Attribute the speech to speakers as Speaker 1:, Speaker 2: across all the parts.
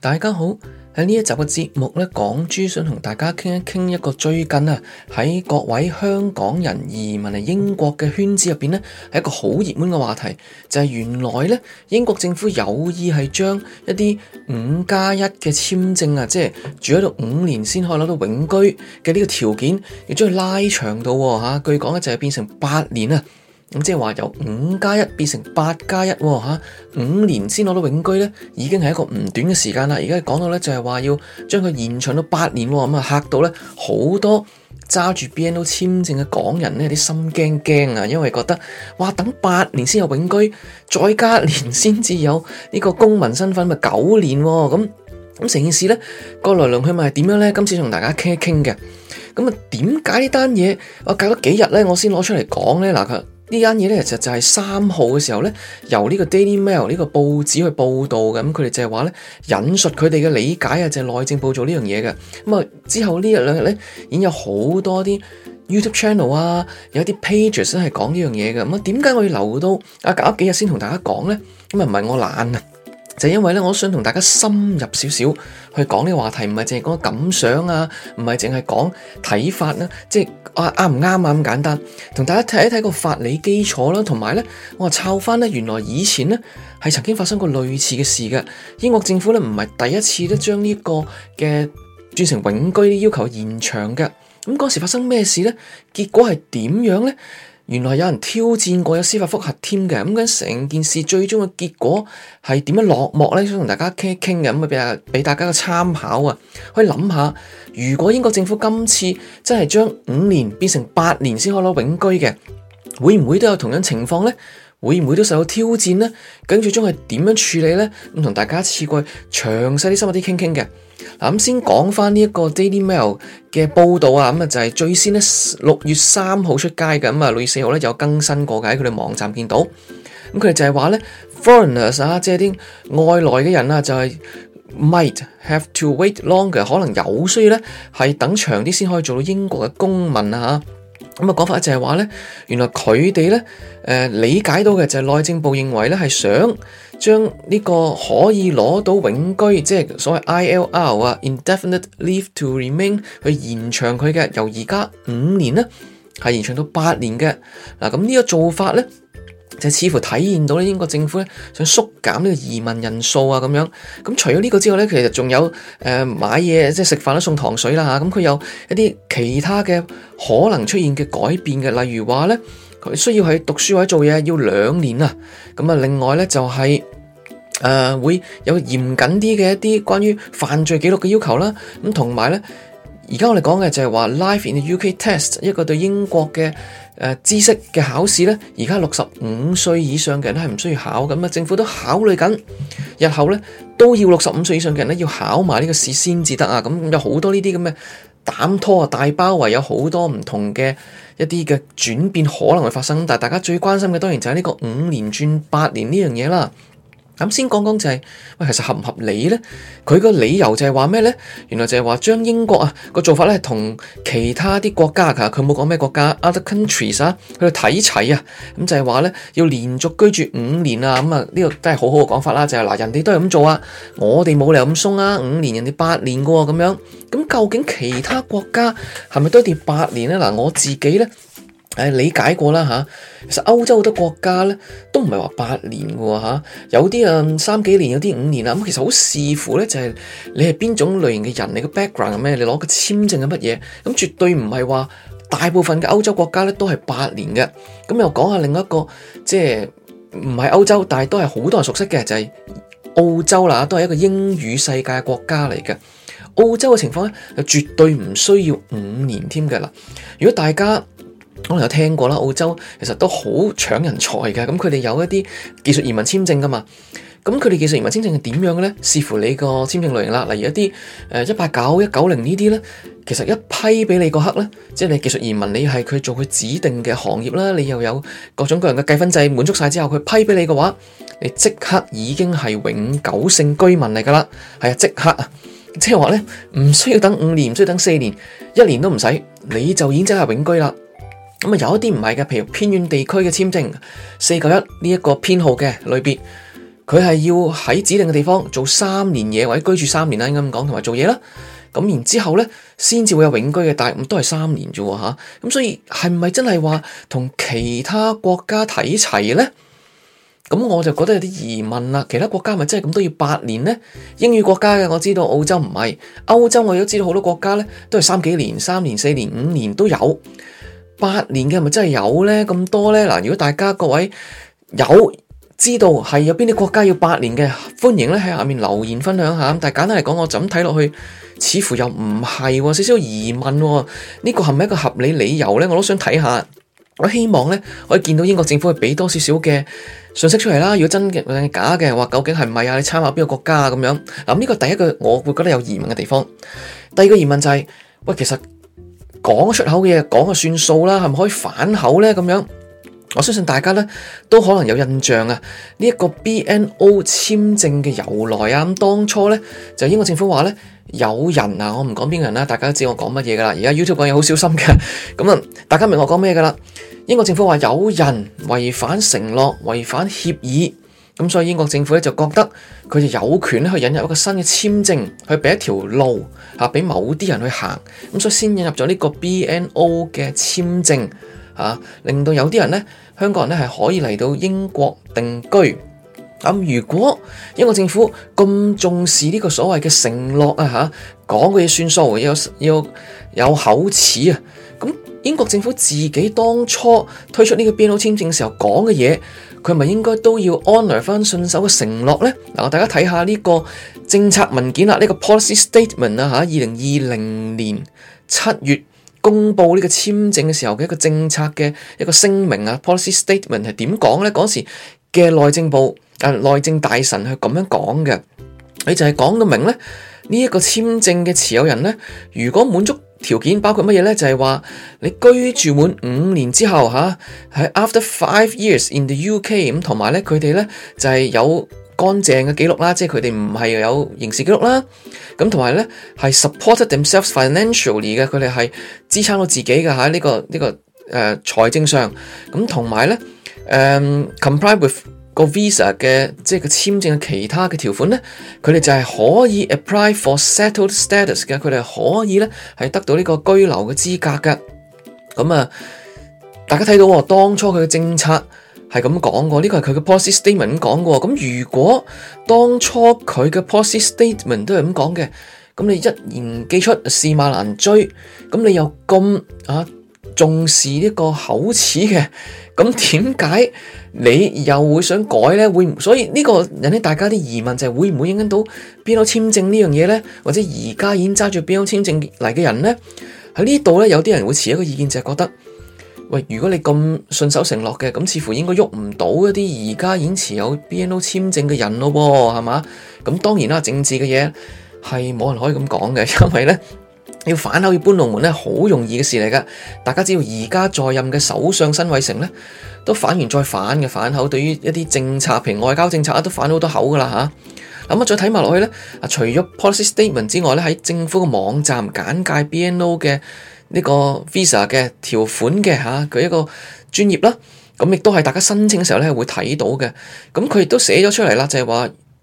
Speaker 1: 大家好，喺呢一集嘅節目呢，港豬想同大家傾一傾一個最近啊喺各位香港人移民嚟英國嘅圈子入邊呢，係一個好熱門嘅話題，就係原來呢，英國政府有意係將一啲五加一嘅簽證啊，即係住喺度五年先可以攞到永居嘅呢個條件，亦將佢拉長到吓，據講就係變成八年啊。咁即係話由五加一變成八加一嚇，五、啊、年先攞到永居咧，已經係一個唔短嘅時間啦。而家講到咧就係話要將佢延長到八年，咁啊嚇到咧好多揸住 BNO 簽證嘅港人咧啲心驚驚啊，因為覺得哇等八年先有永居，再加一年先至有呢個公民身份，咪九年喎、啊？咁咁成件事咧，個來龍去脈咪係點樣咧？今次同大家傾一傾嘅。咁啊，點解呢單嘢我隔咗幾日咧我先攞出嚟講咧嗱佢？啊呢單嘢咧，其實就係、是、三號嘅時候咧，由呢個 Daily Mail 呢個報紙去報導嘅，咁佢哋就係話咧引述佢哋嘅理解啊，就內、是、政部做呢樣嘢嘅。咁、嗯、啊，之後一兩呢一兩日咧，已經有好多啲 YouTube channel 啊，有一啲 pages 都係講呢樣嘢嘅。咁啊，點、嗯、解我要留到啊隔幾日先同大家講咧？咁啊，唔係我懶啊！就因為咧，我想同大家深入少少去講呢個話題，唔係淨係講感想啊，唔係淨係講睇法啊。即係啊啱唔啱啊咁簡單，同大家睇一睇個法理基礎啦、啊，同埋咧，我話摷返咧，原來以前咧係曾經發生過類似嘅事嘅，英國政府咧唔係第一次都將呢個嘅轉成永居要求延長嘅，咁嗰時發生咩事咧？結果係點樣咧？原來有人挑戰過有司法覆核添嘅，咁跟成件事最終嘅結果係點樣落幕呢？想同大家傾一傾嘅，咁啊俾大家個參考啊，可以諗下，如果英國政府今次真係將五年變成八年先可攞永居嘅，會唔會都有同樣情況呢？會唔會都受到挑戰呢？究竟最終係點樣處理呢？咁同大家次過去詳細啲深入啲傾傾嘅。先講翻呢一個 Daily Mail 嘅報道啊，咁、嗯、啊就係、是、最先咧六月三號出街嘅，咁啊六月四號咧有更新過嘅喺佢哋網站見到。咁佢哋就係話咧，foreigners 啊，即係啲外來嘅人啊，就係、是、might have to wait longer，可能有需要咧係等長啲先可以做到英國嘅公民啊。咁啊講法就係話咧，原來佢哋咧誒理解到嘅就係內政部認為咧係想。將呢個可以攞到永居，即係所謂 I L R 啊，Indefinite Leave to Remain 去延長佢嘅，由而家五年咧，係延長到八年嘅。嗱，咁呢個做法呢，就似乎體現到咧英國政府呢，想縮減呢個移民人數啊，咁樣。咁除咗呢個之外呢，其實仲有誒買嘢即係食飯都送糖水啦嚇，咁佢有一啲其他嘅可能出現嘅改變嘅，例如話呢。佢需要喺讀書或做嘢要兩年啊，咁啊，另外咧就係、是、誒、呃、會有嚴謹啲嘅一啲關於犯罪記錄嘅要求啦，咁同埋咧，而家我哋講嘅就係話 Life in the UK Test 一個對英國嘅誒、呃、知識嘅考試咧，而家六十五歲以上嘅人咧係唔需要考，咁啊政府都考慮緊日後咧都要六十五歲以上嘅人咧要考埋呢個試先至得啊，咁、嗯、有好多呢啲咁嘅膽拖啊大包圍，有好多唔同嘅。一啲嘅轉變可能會發生，但係大家最關心嘅當然就係呢個五年轉八年呢樣嘢啦。咁先講講就係，喂，其實合唔合理呢？佢個理由就係話咩呢？原來就係話將英國啊個做法呢，同其他啲國，國家，其實佢冇講咩國家，other countries 啊，去睇齊啊，咁就係話呢，要連續居住五年啊，咁啊呢個都係好好嘅講法啦。就係、是、嗱，人哋都係咁做啊，我哋冇理由咁鬆啊，五年人哋八年嘅喎，咁樣，咁究竟其他國家係咪都跌八年呢？嗱，我自己呢。誒，理解過啦吓。其實歐洲好多國家咧都唔係話八年嘅吓，有啲啊三幾年，有啲五年啦。咁其實好視乎咧，就係你係邊種類型嘅人，你嘅 background 係咩，你攞個簽證係乜嘢。咁絕對唔係話大部分嘅歐洲國家咧都係八年嘅。咁又講下另一個，即係唔係歐洲，但係都係好多人熟悉嘅，就係澳洲啦，都係一個英語世界國家嚟嘅。澳洲嘅情況咧，就絕對唔需要五年添嘅啦。如果大家，可能有聽過啦，澳洲其實都好搶人才嘅。咁佢哋有一啲技術移民簽證噶嘛？咁佢哋技術移民簽證係點樣嘅咧？視乎你個簽證類型啦。例如一啲誒一八九、一九零呢啲咧，其實一批畀你個刻咧，即係你技術移民，你係佢做佢指定嘅行業啦。你又有各種各樣嘅計分制滿足晒之後，佢批畀你嘅話，你即刻已經係永久性居民嚟噶啦。係啊，即刻啊，即係話咧，唔需要等五年，唔需要等四年，一年都唔使，你就已經係永居啦。嗯、有一啲唔係嘅，譬如偏遠地區嘅簽證，四九一呢一個編號嘅類別，佢係要喺指定嘅地方做三年嘢或者居住三年啦，應該咁講，同埋做嘢啦。咁、嗯、然之後咧，先至會有永居嘅，但、嗯、係都係三年啫嚇。咁、嗯、所以係唔係真係話同其他國家睇齊呢？咁、嗯、我就覺得有啲疑問啦。其他國家咪真係咁都要八年呢？英語國家嘅我知道澳洲唔係。歐洲我都知道好多國家呢都係三幾年、三年、四年、五年都有。八年嘅係咪真係有呢？咁多呢？嗱，如果大家各位有知道係有邊啲國家要八年嘅，歡迎咧喺下面留言分享下。但係簡單嚟講，我就咁睇落去似乎又唔係、喎，少少疑問、喎。呢、這個係咪一個合理理由咧？我都想睇下。我希望咧可以見到英國政府去俾多少少嘅信息出嚟啦。如果真嘅、假嘅，話究竟係唔係啊？你參考邊個國家咁樣？咁、這、呢個第一個我會覺得有疑問嘅地方。第二個疑問就係、是、喂，其實。講出口嘅嘢講就算數啦，係咪可以反口咧？咁樣我相信大家咧都可能有印象啊。呢一個 BNO 簽證嘅由來啊，咁當初咧就英國政府話咧有人啊，我唔講邊個人啦，大家都知道我講乜嘢噶啦。而家 YouTube 講嘢好小心嘅，咁啊大家明我講咩噶啦？英國政府話有人違反承諾，違反協議。咁所以英國政府咧就覺得佢就有權咧去引入一個新嘅簽證，去俾一條路嚇俾、啊、某啲人去行。咁所以先引入咗呢個 BNO 嘅簽證嚇、啊，令到有啲人咧香港人咧係可以嚟到英國定居。咁、啊、如果英國政府咁重視呢個所謂嘅承諾啊嚇，講嘅嘢算數，有要有口齒啊，咁英國政府自己當初推出呢個 BNO 簽證嘅時候講嘅嘢。佢係咪應該都要 honour 返信守嘅承諾呢？大家睇下呢個政策文件啦，呢、呢個 policy statement 啦嚇，二零二零年七月公布呢個簽證嘅時候嘅一個政策嘅一個聲明啊，policy statement 係點講呢？嗰時嘅內政部啊、呃，內政大臣係咁樣講嘅，你就係講到明呢，呢、呢、一個簽證嘅持有人呢，如果滿足。條件包括乜嘢咧？就係、是、話你居住滿五年之後吓，係、啊、after five years in the UK 咁、嗯，同埋咧佢哋咧就係、是、有乾淨嘅記錄啦，即係佢哋唔係有刑事記錄啦。咁、嗯、同埋咧係 supported themselves financially 嘅，佢哋係支撐到自己嘅吓。呢、啊這個呢、這個誒、呃、財政上咁同、嗯、埋咧誒、um, comply with。個 visa 嘅即係個簽證嘅其他嘅條款咧，佢哋就係可以 apply for settled status 嘅，佢哋可以咧係得到呢個居留嘅資格嘅。咁啊，大家睇到、哦、當初佢嘅政策係咁講嘅，呢、這個係佢嘅 policy statement 講嘅。咁如果當初佢嘅 policy statement 都係咁講嘅，咁你一言既出，駟馬難追。咁你又咁啊？重視呢個口齒嘅，咁點解你又會想改呢？會所以呢個引起大家啲疑問就係會唔會影響到 BNO 簽證呢樣嘢呢？或者而家已經揸住 BNO 簽證嚟嘅人呢？喺呢度呢，有啲人會持一個意見，就係覺得喂，如果你咁順手承諾嘅，咁似乎應該喐唔到一啲而家已經持有 BNO 簽證嘅人咯，係嘛？咁當然啦，政治嘅嘢係冇人可以咁講嘅，因為呢。要反口要搬龍門呢，好容易嘅事嚟噶。大家知道而家在任嘅首相辛偉誠呢，都反完再反嘅反口，對於一啲政策、平外交政策啊，都反好多口噶啦吓，咁啊，再睇埋落去呢，啊除咗 policy statement 之外呢，喺政府嘅網站簡介 BNO 嘅呢個 visa 嘅條款嘅吓，佢、啊、一個專頁啦。咁亦都係大家申請嘅時候呢會睇到嘅。咁佢亦都寫咗出嚟啦，就係、是、話。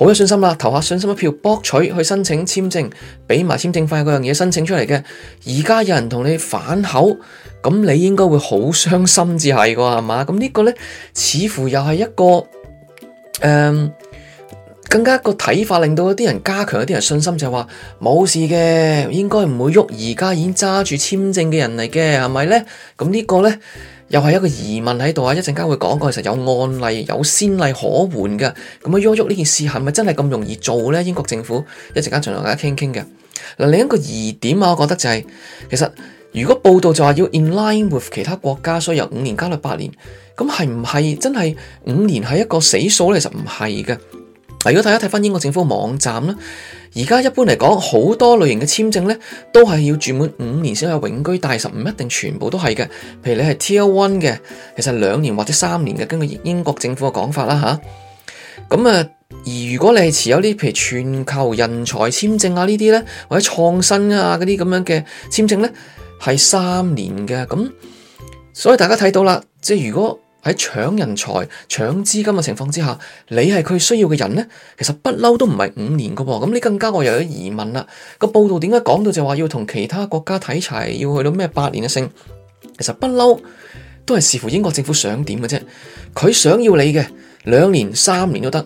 Speaker 1: 好有信心啦，投下信心一票，博取去申請簽證，畀埋簽證費嗰樣嘢申請出嚟嘅。而家有人同你反口，咁你應該會好傷心至係噶，係嘛？咁呢個咧，似乎又係一個誒、呃，更加一個睇法，令到有啲人加強，有啲人信心就話、係、冇事嘅，應該唔會喐。而家已經揸住簽證嘅人嚟嘅，係咪咧？咁呢個咧，又係一個疑問喺度啊！一陣間會講過，其實有案例有先例可援嘅，咁啊，喐喐呢件事係咪真係咁容易做咧？英國政府一陣間盡量同大家傾傾嘅。嗱，另一個疑點啊，我覺得就係、是，其實如果報道就話要 in line with 其他國家，所以由五年加到八年，咁係唔係真係五年係一個死數咧？其實唔係嘅。如果大家睇翻英國政府網站呢，而家一般嚟講，好多類型嘅簽證呢，都係要住滿五年先有永居㗎，但唔一定全部都係嘅。譬如你係 Tier One 嘅，其實兩年或者三年嘅，根據英國政府嘅講法啦吓。咁啊，而如果你係持有啲譬如全球人才簽證啊呢啲呢，或者創新啊嗰啲咁樣嘅簽證呢，係三年嘅。咁所以大家睇到啦，即係如果，喺搶人才、搶資金嘅情況之下，你係佢需要嘅人呢？其實不嬲都唔係五年嘅喎，咁你更加我又有疑問啦。個報道點解講到就話要同其他國家睇齊，要去到咩八年咁聲，其實不嬲都係視乎英國政府想點嘅啫，佢想要你嘅兩年、三年都得，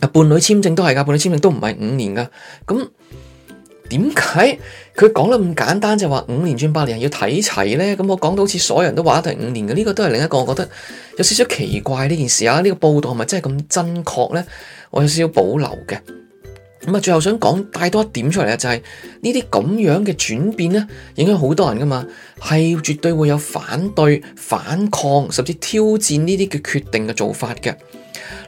Speaker 1: 啊伴侶簽證都係㗎，伴侶簽證都唔係五年㗎。點解佢講得咁簡單就話、是、五年轉八年要睇齊咧？咁我講到好似所有人都話突然五年嘅呢、這個都係另一個我覺得有少少奇怪呢件事啊！呢、這個報道係咪真係咁真確咧？我有少少保留嘅。咁啊，最後想講帶多一點出嚟啊、就是，就係呢啲咁樣嘅轉變咧，影響好多人噶嘛，係絕對會有反對、反抗，甚至挑戰呢啲嘅決定嘅做法嘅。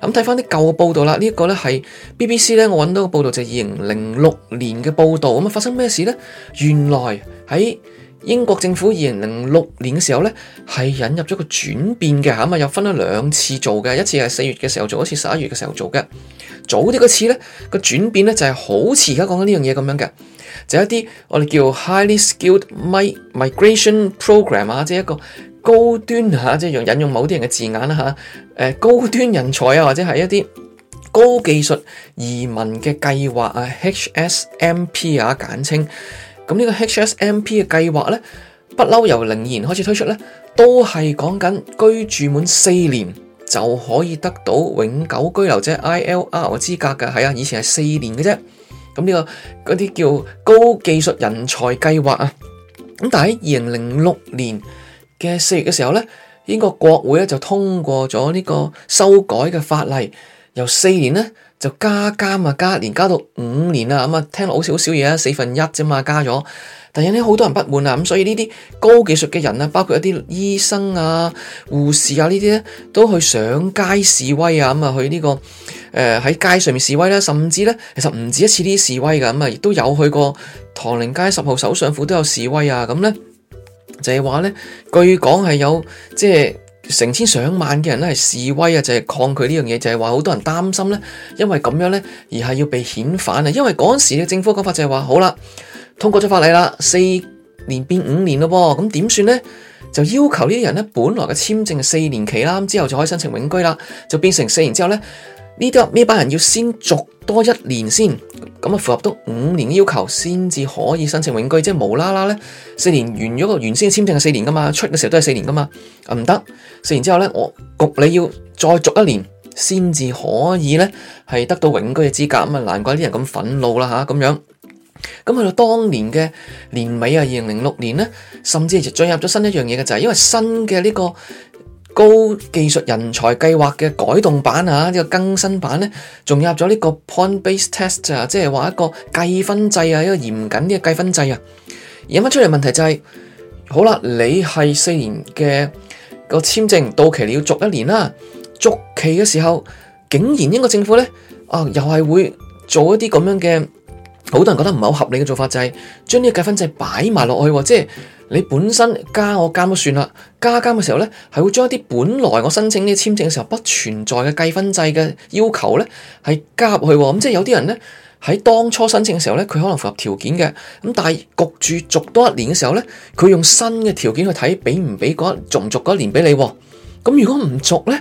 Speaker 1: 咁睇翻啲舊報道啦，呢一個咧，係 BBC 咧，我揾到個報道就係二零零六年嘅報道。咁、這、啊、個就是，發生咩事呢？原來喺英國政府二零零六年嘅時候咧，係引入咗個轉變嘅吓，咁啊，又分咗兩次做嘅，一次係四月嘅時候做，一次十一月嘅時候做嘅。早啲嗰次咧，個轉變咧就係好似而家講緊呢樣嘢咁樣嘅，就是、一啲我哋叫 Highly Skilled mi Migration Program 啊，即係一個。高端嚇，即係用引用某啲人嘅字眼啦嚇，誒高端人才啊，或者係一啲高技術移民嘅計劃啊，H S M P 啊簡稱。咁呢個 H S M P 嘅計劃咧，不嬲由零二年開始推出咧，都係講緊居住滿四年就可以得到永久居留者 I L R 嘅資格嘅。係啊，以前係四年嘅啫。咁呢個嗰啲叫高技術人才計劃啊。咁但喺二零零六年嘅四月嘅時候咧，英國國會咧就通過咗呢個修改嘅法例，由四年咧就加監啊加年加到五年啊，咁啊，聽落好似好少嘢啊，四分一啫嘛加咗，但係呢好多人不滿啊，咁、嗯、所以呢啲高技術嘅人啊，包括一啲醫生啊、護士啊呢啲咧，都去上街示威啊，咁、嗯、啊去呢、呢個誒喺、呃、街上面示威啦，甚至咧其實唔止一次呢啲示威噶，咁啊亦都有去過唐寧街十號首相府都有示威啊，咁、嗯、咧。嗯就係話咧，據講係有即係、就是、成千上萬嘅人咧，係示威啊，就係、是、抗拒呢樣嘢，就係話好多人擔心咧，因為咁樣咧而係要被遣返啊。因為嗰陣時嘅政府講法就係話，好啦，通過咗法例啦，四年變五年咯噃、哦，咁點算咧？就要求呢啲人咧，本來嘅簽證係四年期啦，咁之後就可以申請永居啦，就變成四年之後咧。呢班人要先續多一年先，咁啊符合到五年要求先至可以申請永居，即係無啦啦咧四年完咗個原先簽證係四年噶嘛，出嘅時候都係四年噶嘛，啊，唔得四年之後咧，我焗你要再續一年先至可以咧係得到永居嘅資格，咁啊難怪啲人咁憤怒啦吓咁樣。咁去到當年嘅年尾啊，二零零六年咧，甚至係進入咗新一樣嘢嘅就係因為新嘅呢個。高技術人才計劃嘅改動版啊，呢個更新版呢，仲入咗呢個 point based test 啊，即係話一個計分制啊，一個嚴謹啲嘅計分制啊，而引返出嚟問題就係、是，好啦，你係四年嘅個簽證到期你要續一年啦，續期嘅時候，竟然英國政府呢，啊，又係會做一啲咁樣嘅，好多人覺得唔係好合理嘅做法，就係將呢個計分制擺埋落去，即係。你本身加我監都算啦，加監嘅時候咧，係會將一啲本來我申請呢啲簽證嘅時候不存在嘅計分制嘅要求咧，係加入去。咁、嗯、即係有啲人咧喺當初申請嘅時候咧，佢可能符合條件嘅。咁但係焗住續多一年嘅時候咧，佢用新嘅條件去睇，俾唔俾嗰一續唔續嗰一年俾你。咁、嗯、如果唔續咧，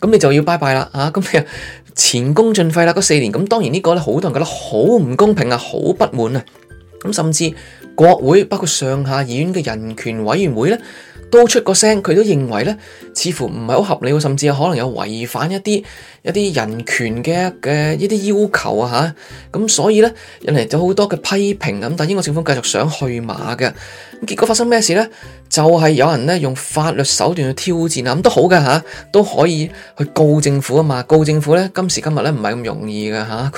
Speaker 1: 咁你就要拜拜啦啊！咁、嗯、啊前功盡廢啦，嗰四年。咁、嗯、當然個呢個咧，好多人覺得好唔公平啊，好不滿啊。咁、嗯、甚至，國會包括上下議院嘅人權委員會咧，都出過聲，佢都認為咧，似乎唔係好合理，甚至有可能有違反一啲一啲人權嘅嘅一啲要求啊嚇，咁所以咧，引嚟咗好多嘅批評咁，但英國政府繼續想去馬嘅。結果發生咩事呢？就係、是、有人咧用法律手段去挑戰啊，咁都好嘅吓，都可以去告政府啊嘛。告政府咧，今時今日咧唔係咁容易嘅吓。咁、啊、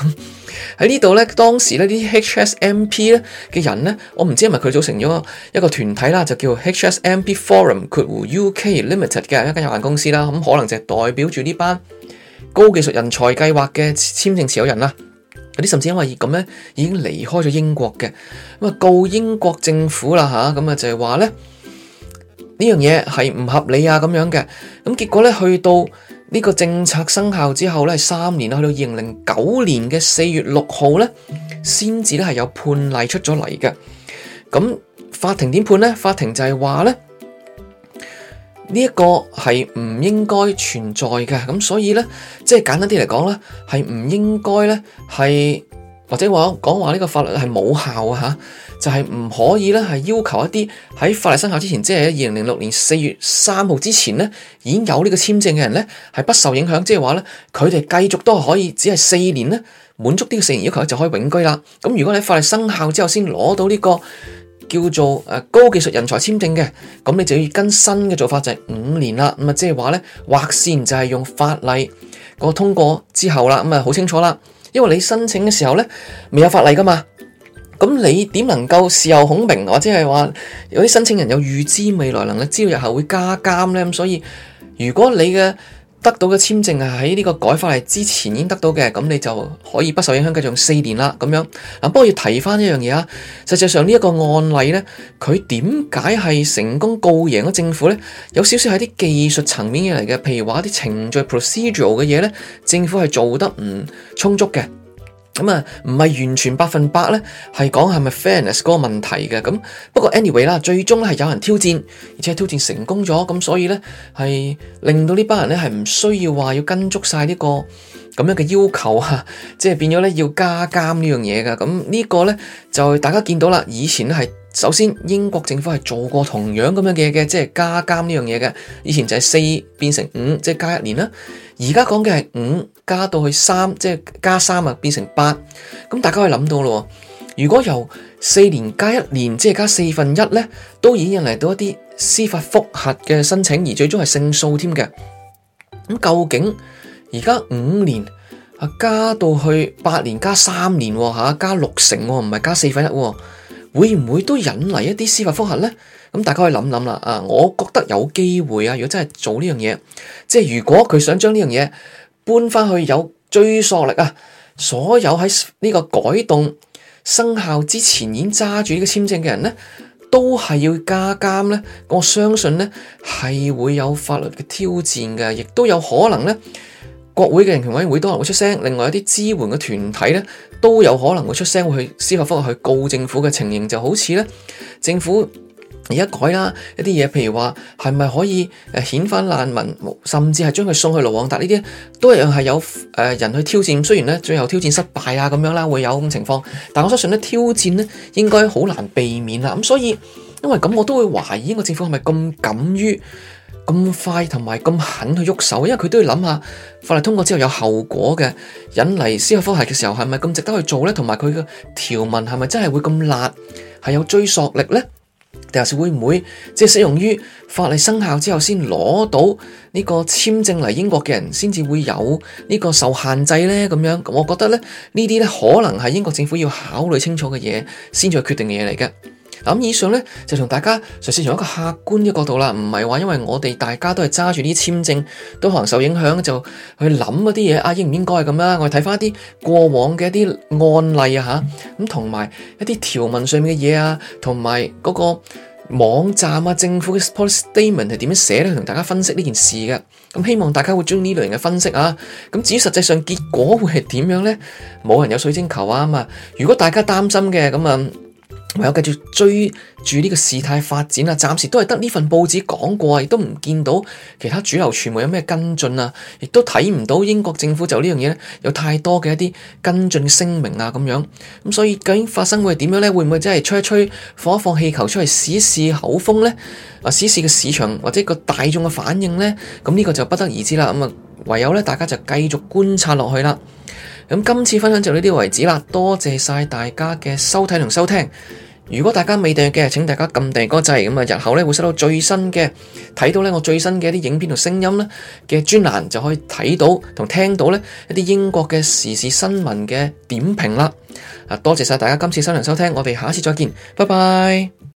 Speaker 1: 喺 呢度咧，當時咧啲 HSMP 咧嘅人咧，我唔知係咪佢組成咗一個團體啦，就叫 HSMP Forum 括弧 UK Limited 嘅一間有限公司啦。咁、嗯、可能就係代表住呢班高技術人才計劃嘅簽證持有人啦。有啲甚至因為咁咧，已經離開咗英國嘅，咁啊告英國政府啦吓，咁啊就係話咧呢樣嘢係唔合理啊咁樣嘅，咁、啊、結果咧去到呢個政策生效之後咧，三年去、啊、到二零零九年嘅四月六號咧，先至咧係有判例出咗嚟嘅，咁、啊、法庭點判咧？法庭就係話咧。呢一個係唔應該存在嘅，咁所以呢，即係簡單啲嚟講呢，係唔應該呢，係或者講講話呢個法律係冇效啊！嚇，就係、是、唔可以呢，係要求一啲喺法律生效之前，即係二零零六年四月三號之前呢，已經有呢個簽證嘅人呢，係不受影響，即係話呢，佢哋繼續都可以只係四年呢，滿足呢個四年要求就可以永居啦。咁如果你喺法律生效之後先攞到呢、這個。叫做誒高技術人才簽證嘅，咁你就要跟新嘅做法就係五年啦。咁啊，即係話呢，劃線就係用法例個通過之後啦。咁啊，好清楚啦。因為你申請嘅時候呢，未有法例噶嘛，咁你點能夠事後孔明或者係話有啲申請人有預知未來能力，資料日後會加監呢？咁所以如果你嘅得到嘅簽證係喺呢個改法例之前已經得到嘅，咁你就可以不受影響繼續用四年啦。咁樣，不過要提返一樣嘢啊，實際上呢一個案例呢，佢點解係成功告贏咗政府呢？有少少喺啲技術層面嘅嚟嘅，譬如話一啲程序 procedural 嘅嘢咧，政府係做得唔充足嘅。咁啊，唔係完全百分百咧，係講係咪 fairness 嗰個問題嘅。咁不過 anyway 啦，最終咧，係有人挑戰，而且係挑戰成功咗。咁所以咧，係令到呢班人咧，係唔需要話要跟足晒呢個咁樣嘅要求啊， 即係變咗咧，要加監呢樣嘢嘅。咁呢個咧，就大家見到啦。以前咧，係首先英國政府係做過同樣咁樣嘅嘢嘅，即係加監呢樣嘢嘅。以前就係四變成五，即係加一年啦。而家講嘅係五。加到去三，即係加三啊，變成八。咁大家可以諗到咯。如果由四年加一年，即係加四分一呢，都已經引嚟到一啲司法複核嘅申請，而最終係勝訴添嘅。咁究竟而家五年啊，加到去八年加三年吓，加六成，唔係加四分一，會唔會都引嚟一啲司法複核呢？咁大家可以諗諗啦。啊，我覺得有機會啊。如果真係做呢樣嘢，即係如果佢想將呢樣嘢。搬翻去有追溯力啊！所有喺呢個改動生效之前已經揸住呢個簽證嘅人咧，都係要加監咧。我相信咧係會有法律嘅挑戰嘅，亦都有可能咧，國會嘅人權委員會都會出聲，另外一啲支援嘅團體咧都有可能會出聲，會去司法複核去告政府嘅情形，就好似咧政府。而家改啦，一啲嘢，譬如話係咪可以誒遣返難民，甚至係將佢送去盧旺達呢啲，都一樣係有誒人去挑戰，雖然咧最後挑戰失敗啊咁樣啦，會有咁情況。但我相信咧，挑戰咧應該好難避免啦。咁所以因為咁，我都會懷疑呢個政府係咪咁敢於咁快同埋咁狠去喐手，因為佢都要諗下法律通過之後有後果嘅引嚟司法復核嘅時候，係咪咁值得去做咧？同埋佢嘅條文係咪真係會咁辣，係有追溯力咧？但係會唔會即係適用於法例生效之後先攞到呢個簽證嚟英國嘅人，先至會有呢個受限制呢？咁樣，咁我覺得呢啲咧可能係英國政府要考慮清楚嘅嘢，先再決定嘅嘢嚟嘅。咁以上咧就同大家首先從一個客觀嘅角度啦，唔係話因為我哋大家都係揸住啲簽證都可能受影響，就去諗嗰啲嘢啊應唔應該係咁啦。我哋睇翻一啲過往嘅一啲案例啊吓，咁同埋一啲條文上面嘅嘢啊，同埋嗰個網站啊，政府嘅 statement 係點樣寫咧，同大家分析呢件事嘅。咁、啊、希望大家會中意呢類型嘅分析啊。咁至於實際上結果會係點樣咧？冇人有水晶球啊嘛。如果大家擔心嘅咁啊～唯有繼續追住呢個事態發展啊！暫時都係得呢份報紙講過啊，亦都唔見到其他主流傳媒有咩跟進啊！亦都睇唔到英國政府就呢樣嘢有太多嘅一啲跟進聲明啊咁樣咁，所以究竟發生會係點樣呢？會唔會真係吹一吹、放一放氣球出嚟試一試口風呢？啊，試試嘅市場或者個大眾嘅反應呢？咁呢個就不得而知啦。咁唯有呢大家就繼續觀察落去啦。咁今次分享就呢啲為止啦，多謝晒大家嘅收睇同收聽。如果大家未訂閱嘅，請大家撳訂閱嗰掣，咁啊日後咧會收到最新嘅，睇到咧我最新嘅啲影片同聲音咧嘅專欄就可以睇到同聽到呢一啲英國嘅時事新聞嘅點評啦。啊，多謝晒大家今次收睇收聽，我哋下次再見，拜拜。